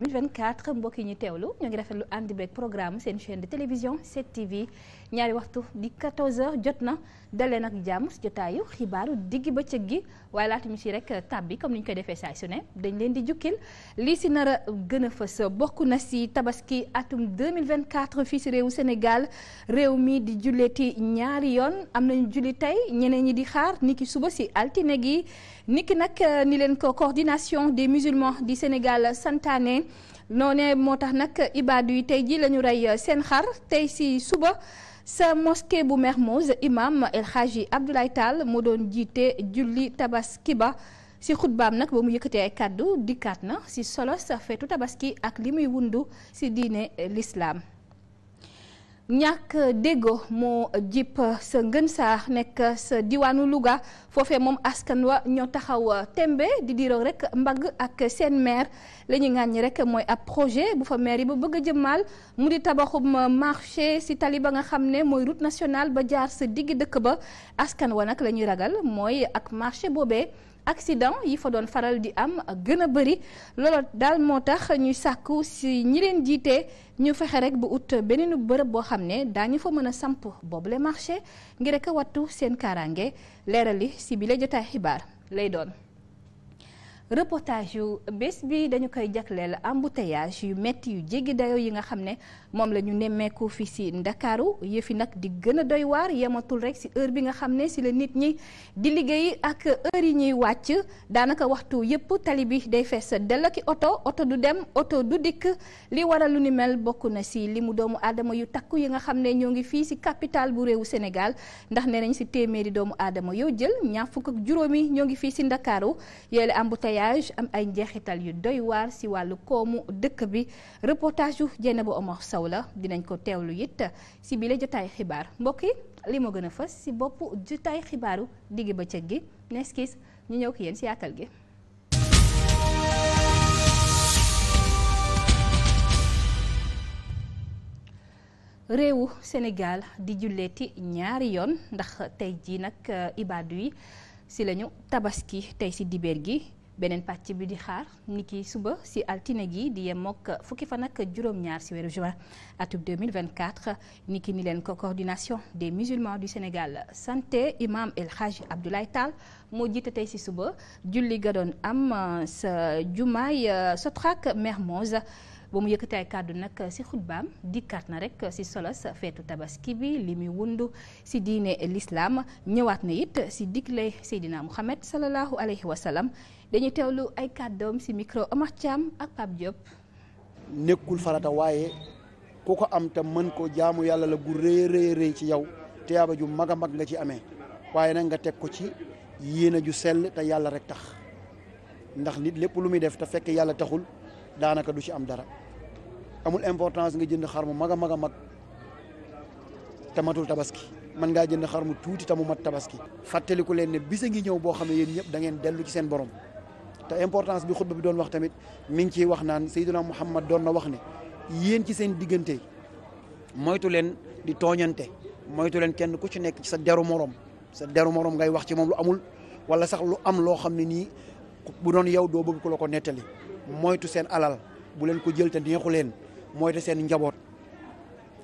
2024 mbokk yi ñu teewlu ñoo ngi rafetlu ànd beeg programme seen chaîne de télévision 7TV ñaari waxtu di 14h jot na dalee nag jàmm si jotaayu xibaaru diggi bëccëg gi waaye laata ñu si rek bi comme ni ñu koy defee saay su ne dañ leen di jukkil lii si nar a gën a fës bokk na si tabaski atum 2024 fii si réewu Sénégal réew mi di julleeti ñaari yoon am nañu julli tey ñeneen ñi di xaar nit ki suba si altine gi. niki nag euh, ni leen ko coordination des musulmans di Sénégal santané noonee moo tax nag ibaadu yi tey jii lañu rey euh, seen xar tey si suba sa mosquée bu Mermoz imam El Hadji Abdoulaye Tall mu doon jiite julli tabaski ba si xutbaam nag ba mu yëkkatee kàddu dikkaat na si solo sa feetu tabaski ak li muy wundu si diine lislaam ñàkk déggo moo jip sa ngën saax nekk sa diwaanu Louga foofee moom askan wa ñoo taxaw tembe di diiroo rek mbagg ak seen maire la ñuy ñi rek mooy ab projet bu fa maire yi ba bëgg a jëmmaal mu di tabaxum marché si tali ba nga xam ne mooy route nationale ba jaar sa digg dëkk ba askan wa nag la ñuy ragal mooy ak marché boobee accident yi fa doon faral di am gën a bëri loolu daal moo tax ñuy sàkku si ñi leen jiitee ñu fexe rek bu ut beneen bërëb boo xam ne daañu fa mën a samp boobule marché ngir rek wattu seen kaaraange leerali si lay jotaay xibaar lay doon. reportage yu bés bi dañu koy jagle la embouteillage yu metti yu jéggi dayo yi nga xam ne moom la ñu nemmeeku fi si ndakaaru yëfi nag di gën a doy waar yematul rek si heure bi nga xam ne si la nit ñi di liggéey ak heure yi ñuy wàcc daanaka waxtu yëpp tali bi day fees dell ak oto oto du dem oto du dikk li waral lu ni mel bokk na si li mu doomu aadama yu takku yi nga xam ne ñoo ngi fii si capitale bu réewu Sénégal ndax nee nañ si téeméeri doomu aadama yow jël ñaar fukk ñoo ngi fii si ndakaaru yéele embouteillage am ay yu doy waar si wàllu koomu dëkk bi reportage yu jénn Sow la dinañ ko teewlu it si bile jotaay xibaar mbokk yi gën a fës si bopp jotaay xibaaru digg bëccëg gi neskis ñu ñëw ki yéen gi réewu Sénégal di julleeti ñaari yoon ndax tey jii nag uh, ibaadu yi ci lañu tabaski tey ci dibeer gi beneen pàcc bi di xaar ni ki suba si altine gi di yem ak fukki fan ak juróom-ñaar si weeru juin atub 2024 ni ki ni leen ko coordination des musulmans du Sénégal santé imam El Hadj Abdoulaye Tall moo jiite tey si suba julli ga doon am euh, sa jumaay euh, Sotrac Mermoz ba mu yëkkati kàddu nag si xutbaam dikkaat na rek si solos feetu tabaski bi li muy wundu si diine lislaam ñëwaat na it si digle Seydina Mouhamed sallallahu alayhi wa sallam dañuy teewlu ay kàddoom si micro Omar ak Pape Diop. nekkul farata waaye ku ko am te mën koo jaamu yàlla la gu rëy rëy ci yow te yaaba ju mag a mag nga ci amee waaye nag nga teg ko ci yéene ju sell te yàlla rek tax ndax nit lépp lu muy def te fekk yàlla taxul. daanaka du ci am dara amul importance nga jënd xar mu mag a mag a mag te matul tabaski mën ngaa jënd xar mu tuuti tamu mat tabaski fàttaliku leen ne bisa ngi ñëw boo xamee ne yéen ñëpp da dellu ci seen borom te importance bi xutba bi doon wax tamit mi ngi ciy wax naan Seydina Muhammad doon na wax ne yéen ci seen diggante moytu leen di tooñante moytu leen kenn ku ci nekk ci sa deru morom sa deru moroom ngay wax ci moom lu amul wala sax lu am loo xam ne nii bu doon yow doo bëgg ku la ko nettali moytu seen alal bu leen ko jël te neexu leen moytu seen njaboot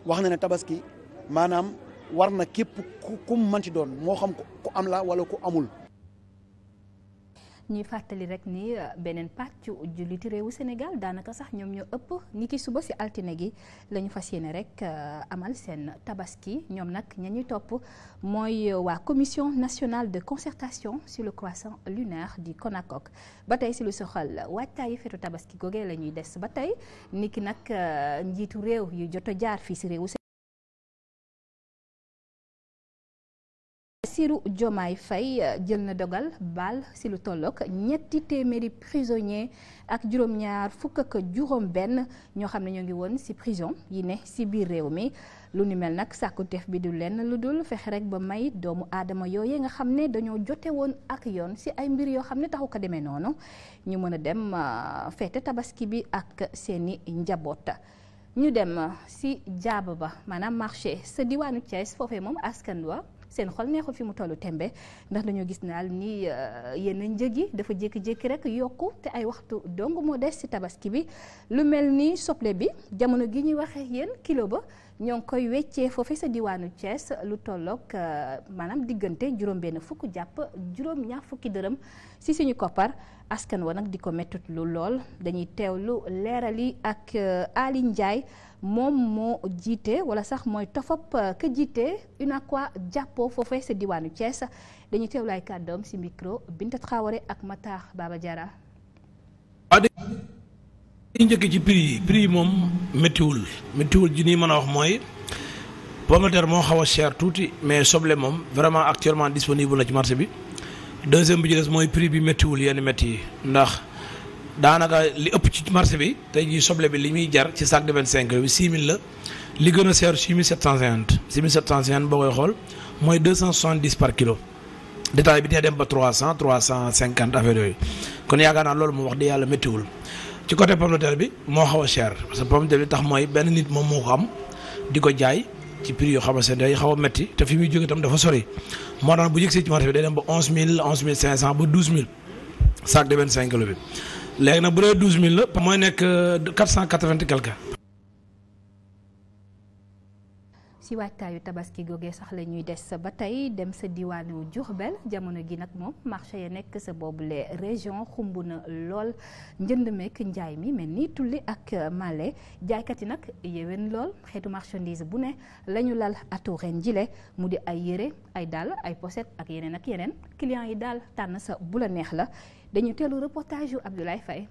wax na ne tabaski maanaam war na képp ku kum manti doon moo xam ku am la wala ku amul ñuy fàttali rek ni euh, beneen pàcc julliti réewu Sénégal daanaka sax ñoom ñoo ëpp ni ki suba si altine gi lañu fas yéene rek euh, amal seen tabaski ñoom nag ñañu topp mooy euh, waa commission nationale de concertation sur le croissant lunaire du CONACOC ba tey si lu soxal waajtaayu fetu tabaski googee la ñuy des ba tey niki nag njiitu réew yu jot a jaar fii si réewu Bassirou Diomaye fay euh, jël na dogal baal si lu tollook ñetti téeméeri prisonnier ak juróom-ñaar fukk ak juróom-benn ñoo xam ne ñoo ngi woon si prison yi ne si biir réew mi lu nu mel nag sàkkuteef bi du lenn lu dul fexe rek ba may doomu aadama yooyee nga xam ne dañoo jote woon ak yoon si ay mbir yoo xam ne taxu ko demee noonu ñu mën a dem euh, feete tabaski bi ak seeni njaboot. ñu dem euh, si jaaba ba maanaam marché sa diwaanu Thiès foofee moom askan wa seen xol neexul fi mu tollu tembe ndax dañoo gis naa naal ni euh, yenn njëg yi dafa jékki-jékki rek yokku te ay waxtu dong moo des ci tabaski bi lu mel ni soble bi jamono gi ñuy waxee yéen kilo ba ñoo ngi koy weccee foofee sa diwaanu cees lu tolloog euh, maanaam diggante juróom-benn fukk jàpp juróom-ñaar fukki dërëm si suñu koppar askan wa nag di ko méttut lu lool dañuy teew teewlu leerali ak euh, Ali Ndiaye moom moo jiite wala sax mooy tofop euh, ka jiite UNACOIS jàppoo foofee sa diwaanu Thiès dañuy teewlu ay kàddoom si micro Binta Traoré ak mataax Baba Diarra li njëkk ci prix yi yi moom méttiwul méttiwul ji nii mën a wax mooy pomme de moo xaw a cher tuuti mais soble moom vraiment actuellement disponible na ci marché bi deuxième bi ci mooy prix bi méttiwul yenn métti yi ndax daanaka li ëpp ci marché bi te jii soble bi li muy jar ci sac de vingt cinq bi six mille la li gën a cher six mille sept cent cinquante six mille sept cent cinquante boo koy xool mooy deux par kilo détail bi dina dem ba trois cent trois cent cinquante affaire yooyu kon yaakaar naa loolu mu wax di yàlla méttiwul ci côté pomme de terre bi moo xaw a cher parce que pomme de terre bi tax mooy benn nit moom moo ko am di ko jaay ci prix yoo xamante ne day xaw a metti te fi muy jóge tam dafa sori moo tax bu njëkk see ci marché bi day dem ba onze mille onze mille cinq cent ba douze mille sac de vingt cinq kilos bi léegi nag bu dee douze mille la mooy nekk quatre cent quatre vingt quelque ci waajtaayu tabaski googee sax la ñuy des ba tey dem sa diwaanu Diourbel jamono gi nag moom marché ya nekk sa lee région xumb na lool njënd mekk njaay mi mel ni tulli ak male jaaykat yi nag yéwén lool xeetu marchandise bu ne la ñu lal atu ren jile mu di ay yëre ay dàll ay pochette ak yeneen ak yeneen clients yi daal tànn sa bu la neex la dañu teelu reportage yu Abdoulaye fay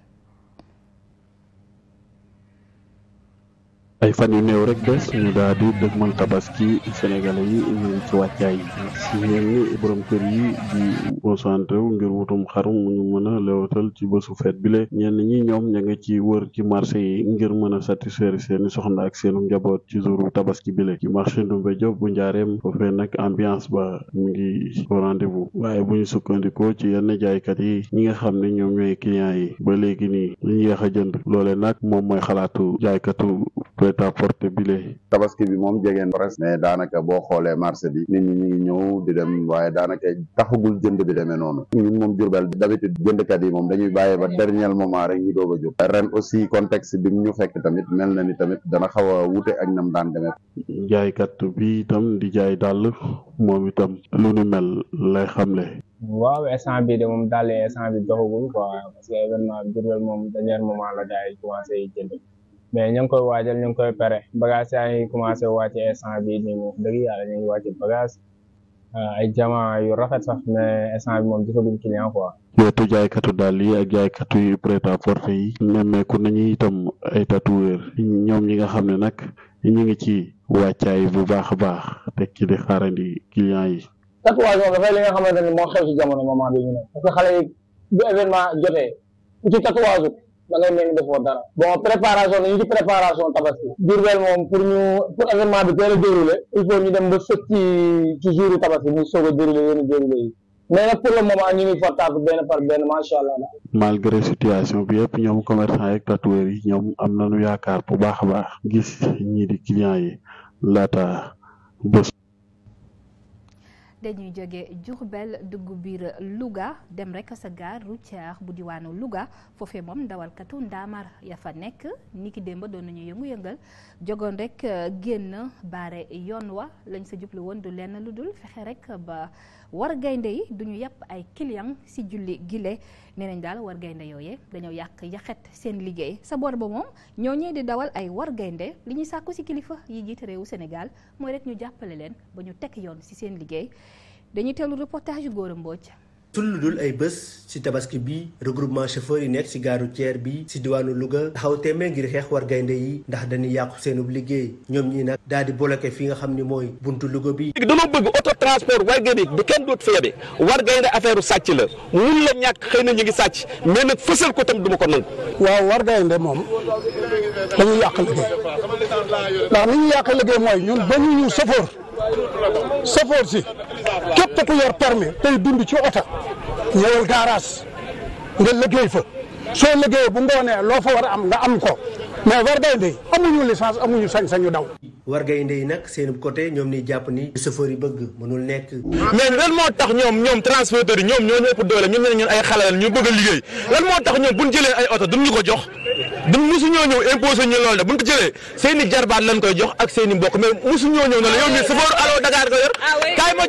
ay fan yu néew rek des ñu daal di dëgmal tabaski sénégalais yi ñu ngi ci wàccaay si ñeen borom kër yi di concentré wu ngir wutum xarum mu ñu mën a lewatal ci bésu feet bi le ñenn ñi ñoom ña nga ci wër ci marché yi ngir mën a satisfaire seeni soxna ak seenu njaboot ci jouru tabaski bi le ci marché Ndoumbé Diop bu njaareem foofee nag ambiance ba mu ngi au rendez-vous waaye bu ñu sukkandikoo ci yenn jaaykat yi ñi nga xam ne ñoom ñooy clients yi ba léegi nii ñu yéex a jënd loole nag moom mooy xalaatu jaaykatu prêt à porter bi lee tabaski bi moom jegeen presque mais daanaka boo xoolee marché bi nit ñi ñu ngi ñëw di dem waaye daanaka taxagul jënd bi demee noonu ñu moom Jurbel d'habitude jëndkat yi moom dañuy bàyyi ba dernier moment rek ñu doog a ren aussi contexte bi ñu fekk tamit mel na ni tamit dana xaw a wute ak nam daan demee jaaykat bi itam di jaay dàll moom itam lu ni mel lay xamle waaw instant bii de moom daal instant bi doxagul quoi parce que événement Diourbel moom dernier mais ñu ngi koy waajal ñu ngi koy pare bagage yaa ngi ñu ngi wàcce bagage euh, ay jama yu rafet sax mais instant bi moom gisaguñ client quoi. wetu jaaykatu daal yi ak jaaykatu yu yi nemmeeku nañu itam ay tatoueur ñoom ñi nga xam ne nag ñu ngi ci wàccaay bu baax a baax teg ci di xaarandi client yi. tatouage moom xew ci jamono moment bi ñu ne parce xale yi bu événement jotee ku ci tatouage da ngay mel defoo dara bon préparation nañu ci préparation tabaski Diourbel moom pour ñu pour événement bi teel a déroulé il faut ñu dem ba sëg ci ci jouru tabaski ñu soog a déroulé yenn déroulé yi mais nag pour le moment ñu ngi fortaatu benn par benn macha allah. malgré situation bi yëpp ñoom commerçant yeeg tatoueur yi ñoom am na nañu yaakaar bu baax a baax gis ñii di clients yi laata bés. dañuy jóge Diourbel dugg biir Louga dem rek sa gare routière bu diwaanu Louga foofee moom dawalkatu ndaamaar ya fa nekk ni ki démb doon nañu yëngu-yëngal jogoon rek euh, génn baare yoon wa lañ sa jublu woon du lenn lu dul fexe rek ba war gaynde yi du ñu yàpp ay client si julli gile nee nañ daal war gaynde yooyee dañoo yàq yaxet seen liggéey sa bor ba moom ñoo ñee di dawal ay war gaynde li ñuy sàkku si kilifa yi jiite réewu Sénégal mooy rek ñu jàppale leen ba ñu teg yoon si seen liggéey dañuy teelu reportage yu Góora Mbooj lu dul ay bés ci tabaski bi regroupement chauffeur yi nekk ci gaaru ceer bi ci diwaanu Louga taxaw téeméer ngir xeex war gaynde yi ndax dañuy yàqu seenub liggéey ñoom ñi nag daal di bloqué fi nga xam ni mooy buntu Louga bi dama bëgg auto transport war bi kenn doot gaynde affaire sàcc la mun ñàkk xëy na ñu ngi sàcc mais nag fësal ko tam ko nangu war gaynde moom dañuy yàq liggéey ndax ni ñu ñun ba ñu ñu chauffeur chauffeur si képp ku yor permis tey dund ci oto ñëw garage nga liggéey fa soo liggéey bu ngoonee loo fa war a am nga am ko mais wargaynde yi amuñu licence amuñu sañ-sañu daw. war wargaynde yi nag seen côté ñoom ni jàpp ni. chauffeur yi bëgg mënul nekk. mais lan moo tax ñoom ñoom transporteurs yi ñoom ñoo ñu ëpp doole ñoom ñoo ñun ay xale ñu bëgg a liggéey lan moo tax ñoom bu ñu jëlee ay oto duñ ñu ko jox. du musu ñoo ñëw imposé ñu ko jëlee seen i jarbaat la yow mii chauffeur allo Dakar nga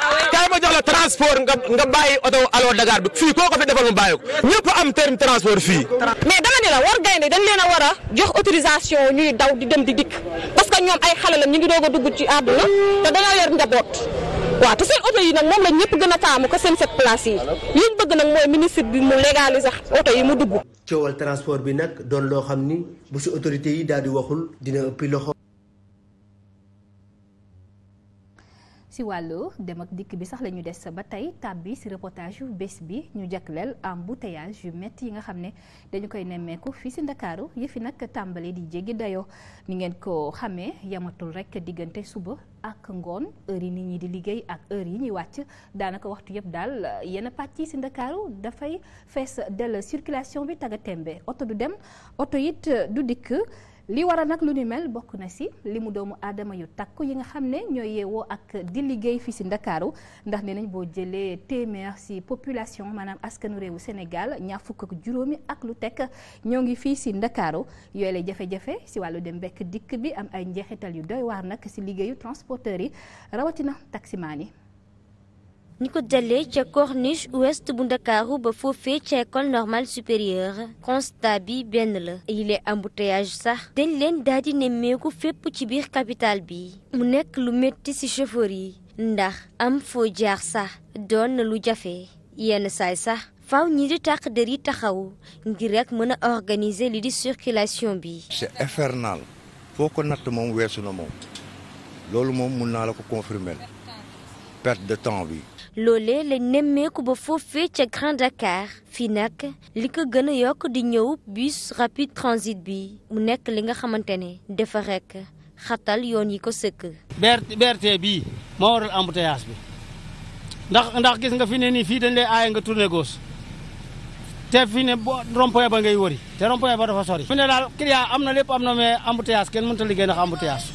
ah ah nga nga bàyyi oto allo Dakar bi fii koo ko fi defal mu bàyyi ko ñëpp am terme transport fii mais dama ne la war gaynde dañ leen a war a jox autorisation ñuy daw di dem di dikk parce que ñoom ay xale la ñu ngi doog a dugg ci àdduna te dañoo yor njaboot waaw te seen oto yi nag moom la ñëpp gën a taamu ko seen set place yi li bëgg nag mooy ministre bi mu légaliser oto yi mu dugg coowal transport bi nag doon loo xam ni bu si autorités yi daal di waxul dina ëppi loxo. si wàllu dem ak dikk bi sax la ñu des ba tey tàbbi si reportage yu bés bi ñu jagleel embouteillage yu métti yi nga xam ne dañu koy nemmeeku fii si Ndakaaru yëfi nag tàmbalee di jéggi dayoo ni ngeen koo xamee yamatul rek diggante suba ak ngoon heure yi nit ñi di liggéey ak heure yi ñuy wàcc daanaka waxtu yëpp daal yenn pàcc yi si Ndakaaru dafay fees dell circulation bi taga tembe oto du dem oto it du dikk li waral nag lu ni mel bokk na si li mu doomu aadama yu takk yi nga xam ne ñooy yeewoo ak di liggéey fii si ndakaaru ndax nee nañ boo jëlee téeméer si population maanaam askanu réewu Sénégal ñaar fukk ak juróomi ak lu tekk ñoo ngi fii si ndakaaru yooyu la jafe-jafe si wàllu dem mbekk dikk bi am ay njeexital yu doy waar nag si liggéeyu transporteurs yi rawatina taximaan yi ni ko jëlee ca corniche west bu ndakaaru ba foofee ca école normale supérieure constat bi benn la yile embouteillage sax dañ leen daal di nemmeeku fépp ci biir capitale bi mu nekk lu métti ci chauffeur yi ndax am foo jaar sax doon na lu jafe yenn saay sax faaw ñi di tàq der yi taxaw ngir rek mën a organiser li di circulation bi. c'est infernal foo ko natt moom weesu na moom loolu moom mun naa la ko confirmer perte de temps bi. loolee lañ nemmeeku ba foofee ca Grand Dakar fii nag li ko gën a yokk di ñëw bus rapide transit bi mu nekk li nga xamante ne dafa rek xatal yoon yi ko sëkk. BRT bi moo waral embouteillage bi ndax ndax gis nga fi ne nii fii dañ lay aaye nga tourné gauche te fi ne boo rond-point ba ngay wëri te rond-point ba dafa sori. fi ne daal client am na lépp am na mais kenn mënut a liggéey ndax embouteillage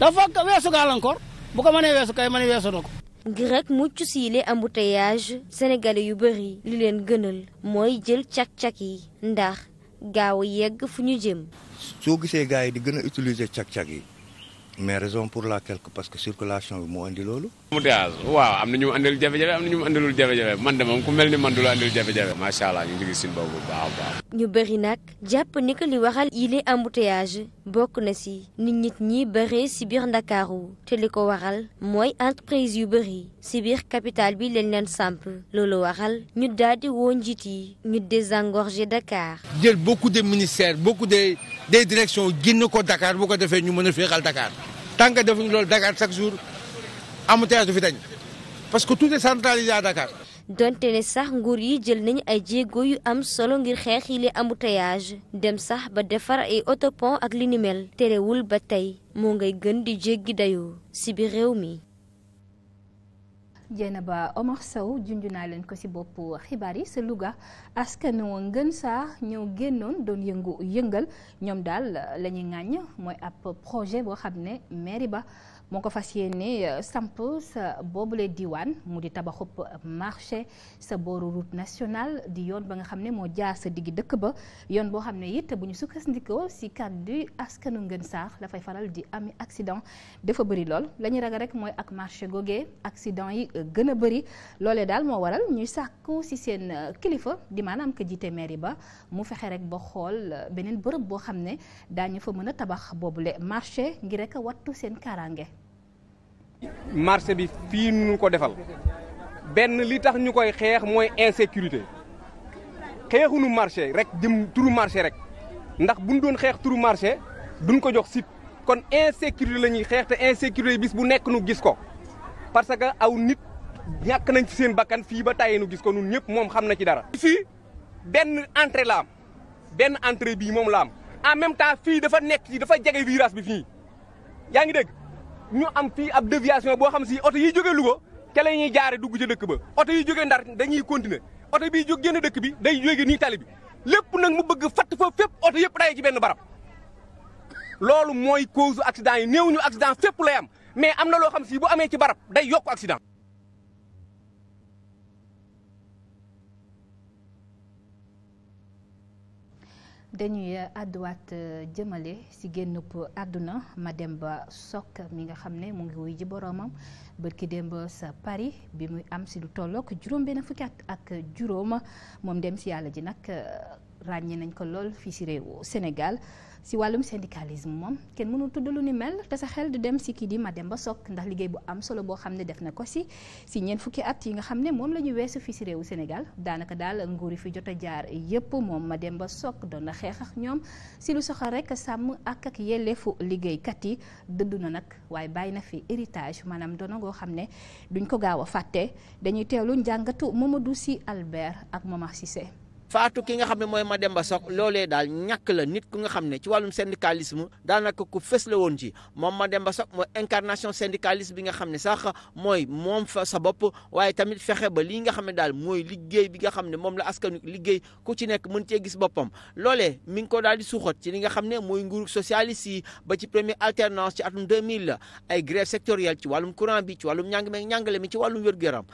dafa weesu gàllankoor bu ko mënee weesu kay mënee weesu na ko. ngir rek mucc si yile embouteillage sénégalais yu bëri li leen gënal mooy jël cak-cak yi ndax gaaw a yegg fu ñu jëm soo gisee gars yi di gën a utiliser cak-cak yi mais raison pour laquelle parce que circulation bi moo andi loolu. embouteillage waaw am na ñu mu andil jafe-jafe am na ñu mu jafe man de moom ku mel ni man du la andil jafe-jafe. macha allah ñu ngi gis suñu boobu baax a baax. ñu bëri nag jàpp ni que li waral yile embouteillage bokk na si nit nit ñi bëree si biir ndakaaru te li ko waral mooy entreprise yu bëri si biir capitale bi lañ leen samp loolu waral ñu daal di woo njiit yi ñu désengorger Dakar. jël beaucoup de ministères beaucoup de des directions génn ko dakaar boo ko defee ñu mën a féexal Dakar tant que defuñu loolu Dakar chaque jour embouteillage du fi dañ parce que tout est centralisé à Dakar. donte ne sax nguur yi jël nañu ay jéego yu am solo ngir xeex yi li embouteillage dem sax ba defar ay otopon ak li ni terewul ba tey moo ngay gën di jéggi dayoo ci biir réew mi. ba Omar Sow junj naa leen ko ci bopp xibaar yi sa Louga askan wa ngën saa ñëw génnoon doon yëngu yëngal ñoom daal lañuy ñuy mooy ab projet boo xam ne mairie ba. moo ko fas yéene euh, samp sa boobule diwaan mu di tabaxub marché sa booru route nationale di yoon ba nga xam ne moo jaar sa digg dëkk ba yoon boo xam ne it bu ñu sukkandikoo si kàddu askanu ngën saax dafay faral di ami accident dafa bëri lool la ñuy ragal rek mooy ak marché googee accident yi euh, gën a bëri loolee daal moo waral ñuy sàkku si seen euh, kilifa di maanaam ko jiite mairie ba mu fexe rek ba xool beneen bërëb boo xam ne daa ñu fa mën a tabax boobule marché ngir rek wattu seen kaaraange marché bi fii nu ko defal benn li tax ñu koy xeex mooy insécurité xeexunu marché rek jëm turu marché rek ndax buñ doon xeex turu marché duñ ko jox site kon insécurité la ñuy xeex te insécurité bis bu nekk nu gis ko parce que aw nit ñàkk nañ ci seen bakkan fii ba tàyyi nu gis ko nun ñëpp moom xam na ci dara fii benn entrée la am benn entrée bii moom la am en même temps fii dafa nekk ci dafa jege ras bi fii yaa ngi dégg ñoo am fii ab déviation boo xam si oto yi jógee Louga te la ñuy jaare dugg ci dëkk ba oto yi jógee Ndar dañuy continuer oto bii jóg génn dëkk bi day jóge nii tali bi lépp nag mu bëgg fatt fa fépp oto yëpp day ci benn barab loolu mooy cause accident yi néew ñu accident lay am mais am na loo xam si boo amee ci barab day yokk accident dañuy àdduwaat euh, jëmale ci génnub àdduna ma dem ba Sock mi nga xam ne mu ngi wuy ji boroomam bërki démb sa Paris bi muy am si lu tollook juróom benn fukki at ak juróom moom dem si yàlla ji nag euh, ràññee nañ ko lool fii ci réewu Sénégal si wàllum syndicalisme moom kenn mënul tudd lu ni mel te sa xel di dem si kii di ma dem ba Sock ndax liggéey bu am solo boo xam ne def na ko si si ñeent fukki at yi nga xam ne moom la ñu weesu fii si réewu Sénégal daanaka daal nguur yi fi jot a jaar yépp moom Mademba Sock doon na xeex ak ñoom si lu soxal rek sàmm ak ak yelleefu liggéeykat yi dëdd na nag waaye bàyyi na fi héritage maanaam doona ngoo xam ne duñ ko gaaw a fàtte dañuy teewlu njàngatu Mamadou si Albert ak Momar Cissé faatu ki nga xam ne mooy Mademba Sock loole daal ñàkk la nit ku nga xam ne ci wàllum syndicalisme daanaka ku fës la woon ci moom Mademba Sock mooy incarnation syndicalisme bi nga xam ne sax mooy moom fa sa bopp waaye tamit fexe ba lii nga xam ne daal mooy liggéey bi nga xam ne moom la askan liggéey ku ci nekk mën cee gis boppam loolee mi ngi ko daal di suuxat ci li nga xam ne mooy nguuru socialiste yi ba ci première alternance ci atum 2000 la ay grève sectorielle ci wàllum courant bi ci wàllum njàng meeg njàngale mi ci wàllum wér-gu-yaram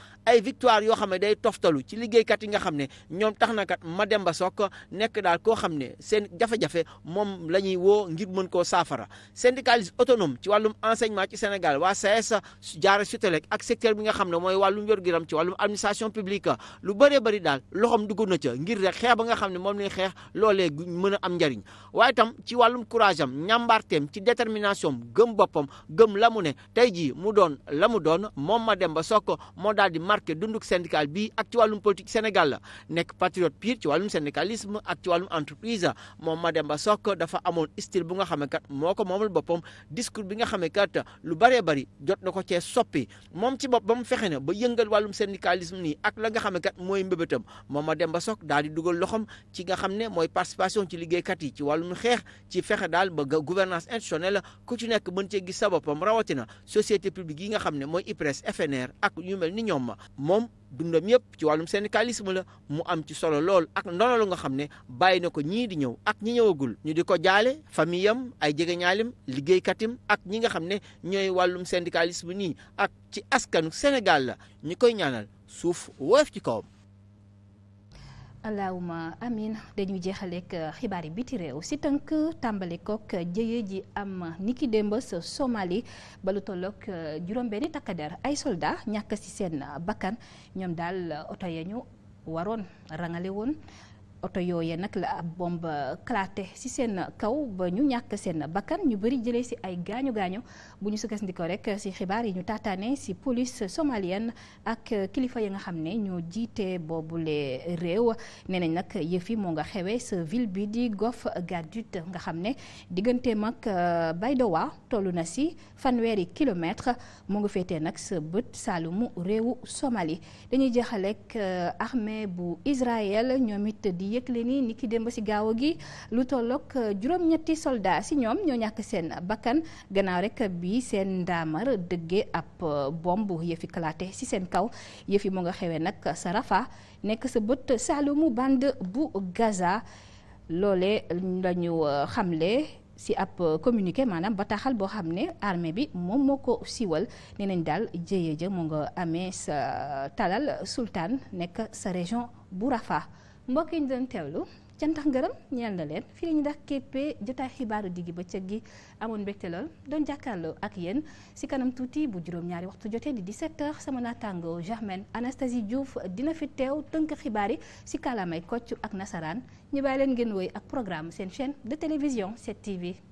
yoo xam ne day toftalu ci liggéeykat yi nga xam ne ñoom tax na kat Mademba Sock nekk daal koo xam ne seen jafe-jafe moom la ñuy woo ngir mën koo saafara syndicaliste autonom ci wàllum enseignement ci Sénégal waa SAES jaare Sutelec ak secteur bi nga xam ne mooy wàllum wér-gu-yaram ci wàllum administration publique lu baree bari daal loxoom dugg na ca ngir rek xeex ba nga xam ne moom lañ xeex loolee mën a am njariñ waaye tam ci wàllum courage am ñàmbaarteem ci détermination gëm boppam gëm la mu ne tey jii mu doon la mu doon moom Mademba Sock moo daal di marqué dunduk syndical bi ak ci wàllum politique Sénégal nekk ci wàllum syndicalisme ak ci wàllum entreprise moom Mademba Sock dafa amoon style bu nga xam kat moo ko moomal boppam discours bi nga xam ne kat lu bëree bari jot na ko cee soppi moom ci boppam fexe ne ba yëngal wàllum syndicalisme ni ak la nga xam ne kat mooy mbébétam moom Mademba Sock daal di dugal loxoom ci nga xam ne mooy participation ci liggéeykat yi ci wàllum xeex ci fexe daal ba gouvernance institutionnelle ku ci nekk mën cee gis sa boppam rawatina société publique yi nga xam ne mooy IPRES ak ñu mel ni ñoom moom dundam yëpp ci wàllum syndicalisme la mu am ci solo lool ak ndono lu nga xam ne bàyyi na ko ñii di ñëw ak ñi ñëwagul ñu di ko jaale famille am ay jegeñaalim liggéeykatim ak ñi nga xam ne ñooy wàllum syndicalisme nii ak ci askanu Sénégal la ñi koy ñaanal suuf woyof ci kawam. allahuma amin dañuy jeexaleek euh, xibaar yi bi biti réew si tënk tàmbali kook euh, jëye ji am niki démb sa Somalie ba lu tollook euh, juróom-benni takkader ay soldat ñàkk si seen bakkan ñoom daal oto ya ñu waroon rangale woon oto yooyee nag la ab bombe éclaté ci seen kaw ba ñu ñàkk seen bakkan ñu bëri jëlee ci ay gaañu gaañu bu ñu sukkandikoo rek ci xibaar yi ñu taataane ci police somalienne ak kilifa yi nga xam ne ñoo jiite boobule réew nee nañ nag yëf yi moo nga xewe sa ville bi di Gof Gadjut nga xam ne digganteem ak euh, Baydowa tollu na ci fanweeri kilomètre mu nga féete nag sa bët saalumu réewu Somali dañuy jeexaleek euh, armée bu Israël ñoom di yëgle ni ni ki démb si gaaw gi lu tollook euh, juróom-ñetti soldat si ñoom ñoo ñàkk seen bakkan gannaaw rek bi seen ndaamaar dëgge ab euh, bomb yëfi kalaate si seen kaw yëfi mu nga xewee nag sa Rafa nekk sa bët saalumu band bu Gaza loole lañu euh, xamle si ab communiqué maanaam bataaxal boo xam ne armée bi moom moo ko siiwal nee nañ daal jëye ja mu nga amee sa talal sultan nekk sa région bu Rafah mbokk yi ñu doon teewlu cant ak ngërëm ñeel na leen fii la ñu dax képpee jotaay xibaaru diggi bëccëg gi amoon mbégte lool doon jàkkaarloo ak yéen si kanam tuuti bu juróom-ñaari waxtu jotee di di h sama naataango Germaine Anastasie Diouf dina fi teew tënk xibaar yi si kàllaamay kocc ak nasaraan ñu leen ngeen woy ak programme seen chaîne de télévision 7TV.